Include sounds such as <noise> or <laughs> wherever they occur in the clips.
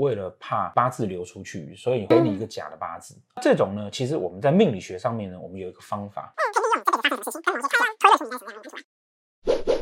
為了怕八字流出去，所以給你會一個假的八字。嗯、這種呢，其實我們在命理學上面呢，我們有一個方法。嗯、是是是是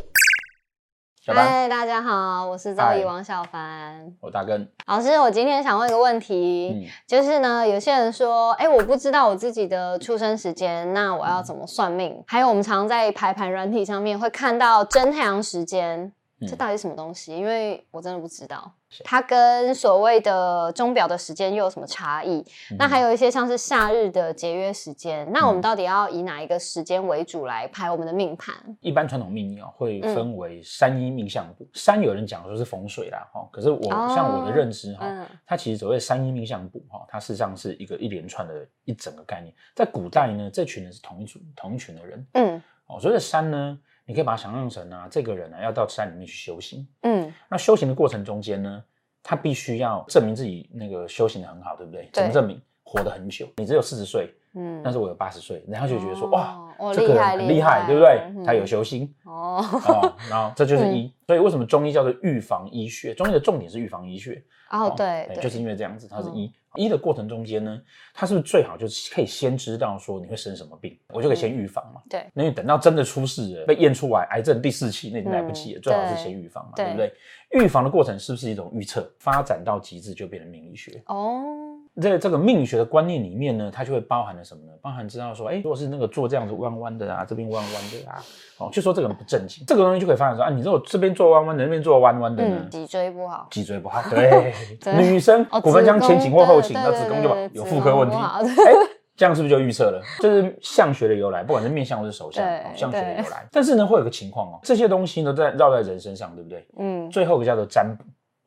嗨，大家好，我是造詣王小凡，我大耕老師，我今天想問一個問題、嗯，就是呢，有些人說，哎、欸，我不知道我自己的出生時間，那我要怎麼算命？嗯、還有我們常在排盤軟體上面會看到真太陽時間。嗯、這到底是什麼東西？因為我真的不知道，它跟所謂的鐘錶的時間又有什麼差異？嗯、那還有一些像是夏日的節約時間，嗯，那我們到底要以哪一個時間為主來排我們的命盤？一般傳統命理啊，會分為山醫命相卜、嗯、山有人講說是風水啦，哈，可是我、哦、像我的認知哈、嗯，它其實所謂的山醫命相卜哈，它事實上是一個一連串的一整個概念。在古代呢，這群人是同一組、同一群的人，嗯，哦，所以山呢？你可以把它想象成啊，這個人呢、啊、要到山裡面去修行，嗯，那修行的過程中間呢，他必須要證明自己那個修行得很好，對不對？對。怎麼證明？活得很久，你只有四十歲。嗯，但是我有八十歲，然後就覺得說、哦、哇，這個很厲害，對不對？他、嗯、有修心、嗯、哦， <laughs> 然後這就是醫、e、嗯。所以為什麼中醫叫做預防醫學？中醫的重點是預防醫學哦，哦對對，對，就是因為這樣子，它是一、e 嗯、醫的過程中間呢，它是不是最好就是可以先知道說你會生什麼病，嗯、我就可以先預防嘛。嗯、對，那你等到真的出事了，被驗出來癌症第四期，那已經來不及了、嗯，最好是先預防嘛對對，對不對？預防的過程是不是一種預測？發展到極致就變成命理學哦。在這個命理學的觀念裡面呢，它就會包含了什麼呢？包含知道說，誒，如果是那個坐這樣子彎彎的啊，這邊彎彎的啊，哦，就說這個人不正經，這個東西就可以發現說，啊，你如果這邊坐彎彎的，那邊坐彎彎的呢、嗯，脊椎不好，脊椎不好，對， <laughs> 對，女生骨盆腔前傾或後傾，那子宮就有婦科問題。哎，這樣是不是就預測了？就是相學的由來，不管是面相或是手相、哦，相學的由來。但是呢，會有個情況哦，這些東西呢，在繞在人身上，對不對？嗯。最後一個叫做占卜，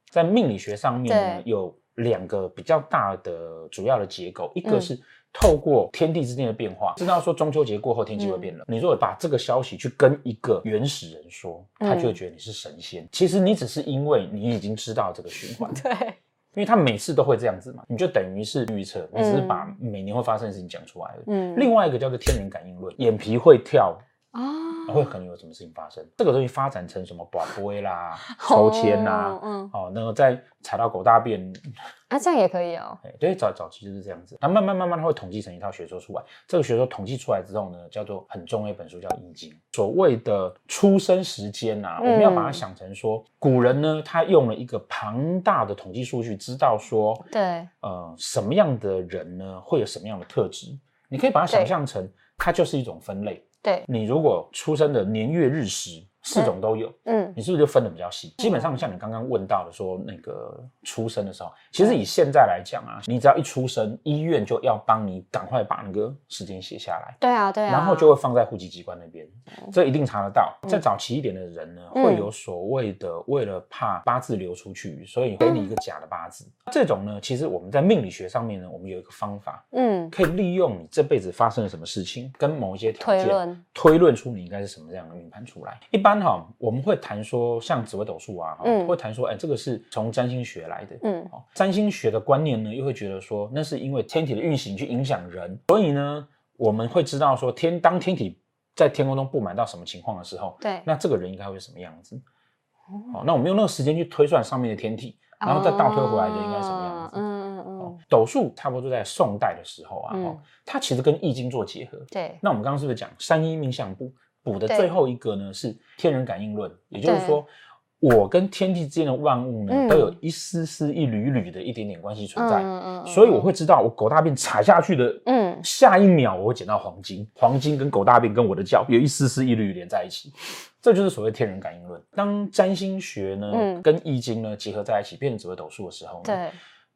在命理學上面呢有。兩個比較大的主要的結構，一個是透過天地之間的變化，知、嗯、道說中秋節過後天氣會變冷、嗯。你如果把這個消息去跟一個原始人說，他就會覺得你是神仙。嗯、其實你只是因為你已經知道這個循環，對、嗯，因為他每次都會這樣子嘛，你就等於是預測。你只是把每年會發生的事情講出來了，嗯，另外一個叫做天人感應論，眼皮會跳，會可能有什麼事情發生？這個東西發展成什麼卜卦啦、抽籤啦、啊嗯，嗯，哦，然後、那個、再踩到狗大便，啊，這樣也可以哦。對，對早早期就是這樣子，那慢慢慢慢它會統計成一套學說出來。這個學說統計出來之後呢，叫做很重要的一本書，叫《易經》。所謂的出生時間啊、嗯，我們要把它想成說，古人呢，他用了一個龐大的統計數據，知道說，對，呃，什麼樣的人呢，會有什麼樣的特質？你可以把它想象成，它就是一種分類。對，你如果出生的年月日時，四種都有，嗯，嗯，你是不是就分的比較細，嗯？基本上像你剛剛問到的，說那個出生的時候，嗯、其實以現在來講啊，你只要一出生，醫院就要幫你趕快把那個時間寫下來，對啊，對啊，然後就會放在戶籍機關那邊，嗯，這一定查得到。嗯、在早期一點的人呢，嗯、會有所謂的，為了怕八字流出去，所以給你會一個假的八字，嗯。這種呢，其實我們在命理學上面呢，我們有一個方法，嗯，可以利用你這輩子發生了什麼事情，跟某一些條件推論出你應該是什麼這樣的命盤出來，一般。剛好，我們會談說像紫微斗數啊，哈、嗯，會談說，哎，這個是從占星學來的，嗯，占星學的觀念呢，又會覺得說，那是因為天體的運行去影響人，所以呢，我們會知道說天，天當天體在天空中布滿到什麼情況的時候，對，那這個人應該會是什麼樣子哦？哦，那我們用那個時間去推算上面的天體，然後再倒推回來的應該是什麼樣子？嗯、哦、嗯嗯。嗯哦、斗數差不多就在宋代的時候啊、嗯哦，它其實跟易經做結合。對、嗯，那我們剛剛是不是講三一命相簿？補的最後一個呢是天人感應論，也就是說，我跟天地之間的萬物呢，嗯、都有一絲絲、一縷縷的、一點點關係存在、嗯嗯，所以我會知道我狗大便踩下去的，嗯，下一秒我會撿到黃金。黃金跟狗大便跟我的腳有一絲絲一縷連在一起，這就是所謂天人感應論。當占星學呢、嗯、跟易經呢結合在一起變成紫微斗數的時候呢，對，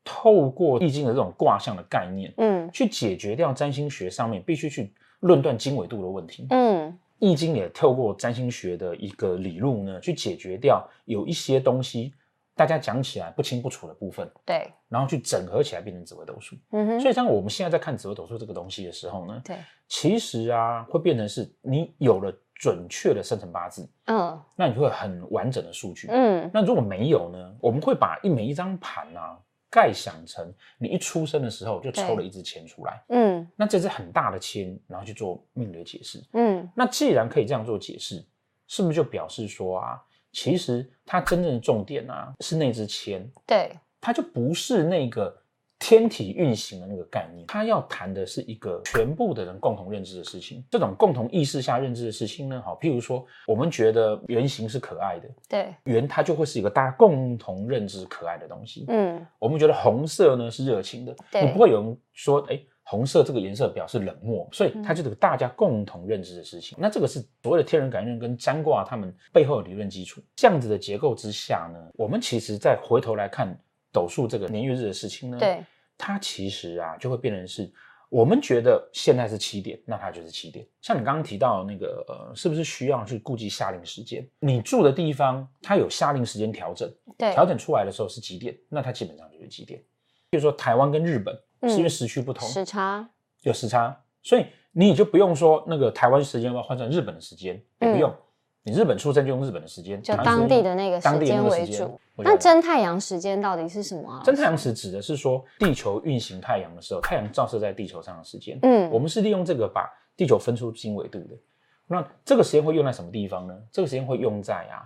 透過易經的這種卦象的概念，嗯，去解決掉占星學上面必須去論斷經緯度的問題，嗯。易經也透過占星學的一個理路呢，去解決掉有一些東西大家講起來不清不楚的部分，對，然後去整合起來變成紫微斗數，嗯哼。所以，像我們現在在看紫微斗數這個東西的時候呢，對，其實啊，會變成是你有了準確的生辰八字，嗯、哦，那你就會很完整的數據，嗯，那如果沒有呢，我們會把一每一張盤啊。概想成你一出生的時候就抽了一支籤出來，嗯，那這支很大的籤，然後去做命理解釋，嗯，那既然可以這樣做解釋，是不是就表示說啊，其實它真正的重點啊是那支籤，對，它就不是那個。天體運行的那個概念，它要談的是一個全部的人共同認知的事情。這種共同意識下認知的事情呢，好、哦，譬如說我們覺得圓形是可愛的，對，圓它就會是一個大家共同認知可愛的東西。嗯，我們覺得紅色呢是熱情的，對，你不會有人說，哎，紅色這個顏色表示冷漠，所以它就是大家共同認知的事情。嗯、那這個是所謂的天人感應跟占卦他們背後的理論基礎。這樣子的結構之下呢，我們其實再回頭來看斗數這個年月日的事情呢，對。它其實啊，就會變成是，我們覺得現在是七點，那它就是七點。像你剛剛提到那個，呃，是不是需要去顧及夏令時間。你住的地方它有夏令時間調整，對，調整出來的時候是幾點，那它基本上就是幾點。比如說台灣跟日本是因為時區不同，嗯、時差有時差，所以你也就不用說那個台灣時間要換成日本的時間，也不用。嗯你日本出生就用日本的時間，就當地的那個時間為主那。那真太陽時間到底是什麼啊？真太陽時指的是說地球運行太陽的時候，太陽照射在地球上的時間。嗯，我們是利用這個把地球分出經緯度的。那這個時間會用在什麼地方呢？這個時間會用在啊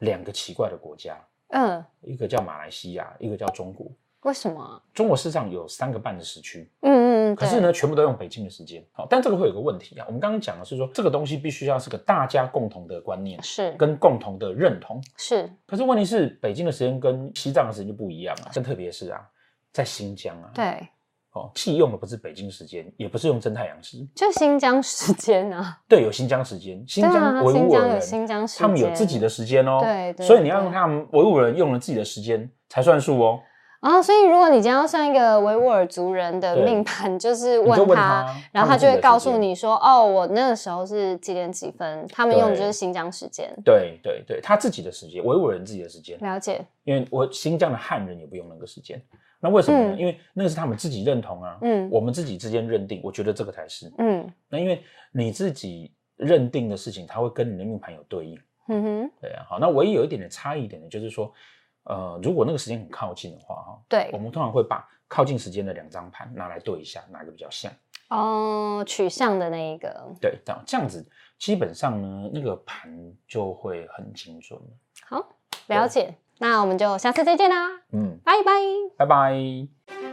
兩個奇怪的國家，嗯，一個叫馬來西亞，一個叫中國。為什麼、啊、中國市場有三個半的時區？嗯嗯嗯。可是呢，全部都用北京的時間。好、喔，但這個會有個問題啊。我們剛剛講的是說，這個東西必須要是個大家共同的觀念，是跟共同的認同，是。可是問題是，北京的時間跟西藏的時間就不一樣啊。真特別是啊，在新疆啊。對。哦、喔，既用的不是北京時間，也不是用真太陽時，就新疆時間啊。對，有新疆時間，新疆維吾爾人、啊新疆新疆時間，他們有自己的時間哦、喔。對。所以你要讓他們維吾爾人用了自己的時間才算數哦、喔。啊、哦，所以如果你今天要算一個維吾爾族人的命盤，就是問他，就問他，然後他就會告訴你說，哦，我那個時候是幾點幾分？他們用的就是新疆時間，對對對，對，他自己的時間，維吾爾人自己的時間。了解，因為我新疆的漢人也不用那個時間，那為什麼呢、嗯？因為那是他們自己認同啊，嗯，我們自己之間認定，我覺得這個才是，嗯，那因為你自己認定的事情，他會跟你的命盤有對應，嗯哼，對啊，好，那唯一有一點點差異點呢，就是說。呃，如果那個時間很靠近的話，對，我們通常會把靠近時間的兩張盤拿來對一下，哪個比較像，哦，取像的那一個，對，這樣子基本上呢，那個盤就會很精準了，好，了解，那我們就下次再見啦，啊，嗯，拜拜，拜拜。